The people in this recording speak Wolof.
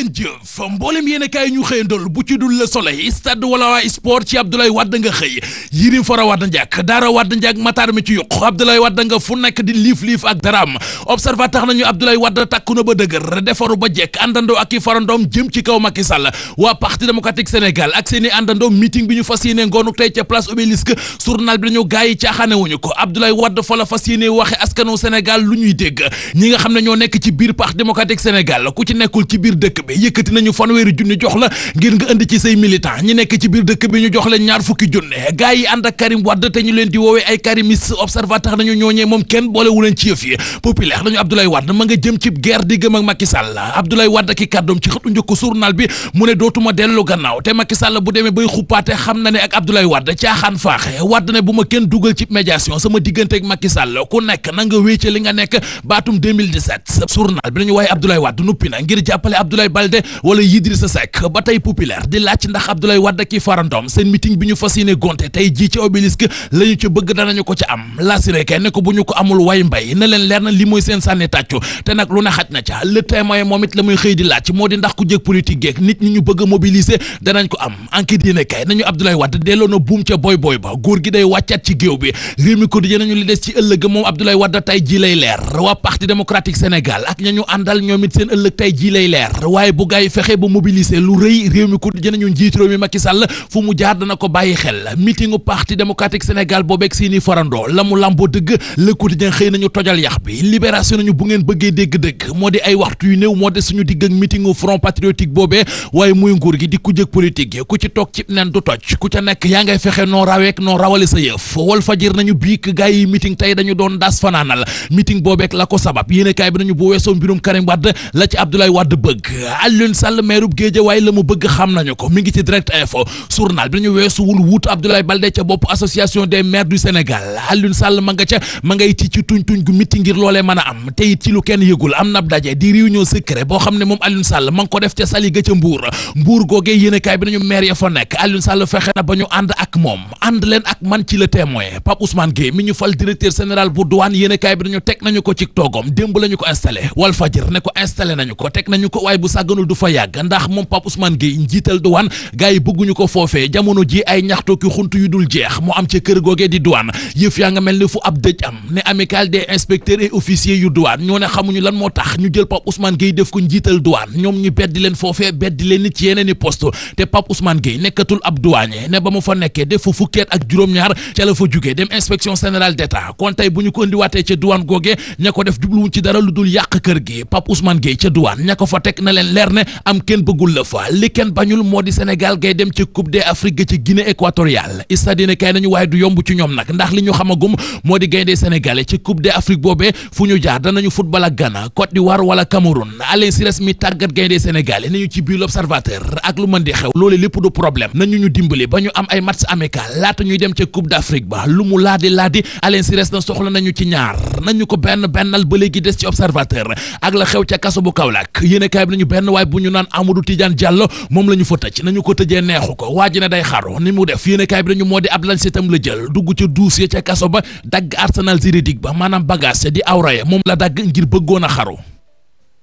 ngeen jëf mboolem yéen a kaay ñu xëyandool bu ci dul le soleil stade wala waa sport ci Abdoulaye Wade nga xëy a Fara Wade njàkk a Wade njàkk Matar mi ci yokk Abdoulaye Wade nga fu nekk di liif-liif ak daraam observateur tax nañu Abdoulaye Wade takku na ba dëgër defaru ba jekk àndandoo ak i farandoom jëm ci kaw Macky Sall waa parti démocratique Sénégal ak seeni àndandoo meeting bi ñu fas yéene ngoonu tey ca place Obélisque journal bi dañu gaay yi bi yëkkati nañu fanweeri junni jox la ngir nga indi ci say militant ñi nekk ci biir dëkk bi ñu jox leen ñaar fukki junne gars yi ànd ak Karim Wade te ñu leen di woowee ay karimiste observateur nañu ñooñee moom kenn boolewu leen ci yëf yi populaire nañu Abdoulaye Wade ma nga jëm ci guerre di ak Macky Sall Abdoulaye Wade ki kàddoom ci xëtu njëkk journal bi mu ne dootuma dellu gannaaw te Macky Sall bu demee bay xuppaate xam na ne ak Abdoulaye Wade caaxaan Balde wala Idrissa Seck ba tey populaire di laaj ndax Abdoulaye Wade ki farandoom seen meeting bi ñu fas gonte tey jii ci obélisque la ñu ci bëgg danañu ko ci am lasiré kay bu ñu ko amul way mbay na leen leer na li mooy seen sànni tàccu te nag lu ne xaj na ca le témoin moom it la muy xëy di laaj moo di ndax ku jëkk politique geek nit ñi ñu bëgg a mobiliser danañ ko am enquête yéene kay nañu Abdoulaye Wade delloo na buum ca boy boy ba góor gi day wàccaat waaye bu gars fexe ba mobiliser lu rëy réew mi ko jënañu njiit réew mi Macky Sall fu mu jaar dana ko bàyyi xel meetingu parti démocratique Sénégal boobeeg seeni farandoo la mu làmboo dëgg le quotidien xëy nañu tojal yax bi libération nañu bu ngeen bëggee dégg-dëgg moo di ay waxtu yu néew moo de suñu digg ak meetingu front patriotique boobee waaye muy nguur gi di ku jëg politique yi ku ci toog ci nen du toj ku ca nekk yaa ngay fexe noo raweek noo rawale sa yëf wal fajir nañu biik gars yi meeting tey dañu doon daas fanaanal meeting boobeeg la ko sabab yéene kaay bi nañu bu weesoo mbirum Karim Wade la ci Abdoulaye Wade bëgg Alioune Sall meerub Géejawaay la mu bëgg xam nañu ko mi ngi ci direct info journal bi nañu weesuwul wut Abdoulaye Baldé ca bopp association des maires du Sénégal Alioune Sall ma ca ma ngay ci tuñ tuñ gu mitti ngir loolee mën a am te it ci lu kenn yëgul am nab daje di réunion secret boo xam ne moom Alioune Sall ma ngi ko def ca sali ga ca Mbour Mbour googee yéenekaay bi nañu maire ya fa nekk Alioune Sall fexe na ba ñu ànd ak moom ànd leen ak man ci le témoin Pape Ousmane Gueye mi ñu bi nañu teg nañu ko ko installé Walfadjri ne ko installé nañu ko teg nañu ko waaye sàgganul du fa yàgg ndax moom Pape Ousmane Gueye njiital douane gars yi bëgguñu ko foofee jamono ji ay ñaxtoo ki xunt yu dul jeex mu am ca kër googee di douane yëf yaa nga mel ni fu ab dëj am ne amicale des inspecteurs et officiers yu douane ñoo ne xamuñu lan moo tax ñu jël Pape Ousmane Gueye def ko njiital douane ñoom ñu beddi leen foofee beddi leen ni ci yeneen i poste te Pape Ousmane Gueye nekkatul ab douanier ne ba mu fa nekkee def fa fukkeet ak juróom-ñaar ca la fa jugee dem inspection générale d'État kon tey bu ñu ko indiwaatee ca douane googee ña ko def jubluwuñ ci dara lu dul yàq kër gi Pape Ousmane Gueye ca leer ne am kenn bëggul la fa li kenn bañul moo di Sénégal gay dem ci Coupe d'Afrique ga ci Guinée équatoriale istadine kay nañu waaye du yomb ci ñoom nag ndax li ñu xamagum moo di gaynde sénégalais ci Coupe d'Afrique boobee fu ñu jaar danañu football ak Ghana Côte d'Ivoire wala Cameroun Alain Sires mi tàggat gaynde sénégalais nañu ci biir l'Observateur ak lu man di xew loole lépp du problème nañu ñu ñu dimbali ba ñu am ay match amical laata ñuy dem ca Coupe d'Afrique ba lu mu laa di laa di Alain Sires na soxla nañu ci ñaar nañu ko benn bennal ba léegi des ci Observateur ak la xew ca kaso bu Kaolack benn waay bu ñu naan Amadou Tidiane Diallo moom la ñu fa tëj nañu ko tëjee neexu ko waa ji ne day xaru ni mu def yéene kaay bi dañu moo di ab lañsetam la jël dugg ca dossier ca kaso ba dagg arsenal juridique ba maanaam bagage di awraye moom la dagg ngir bëggoon a xaru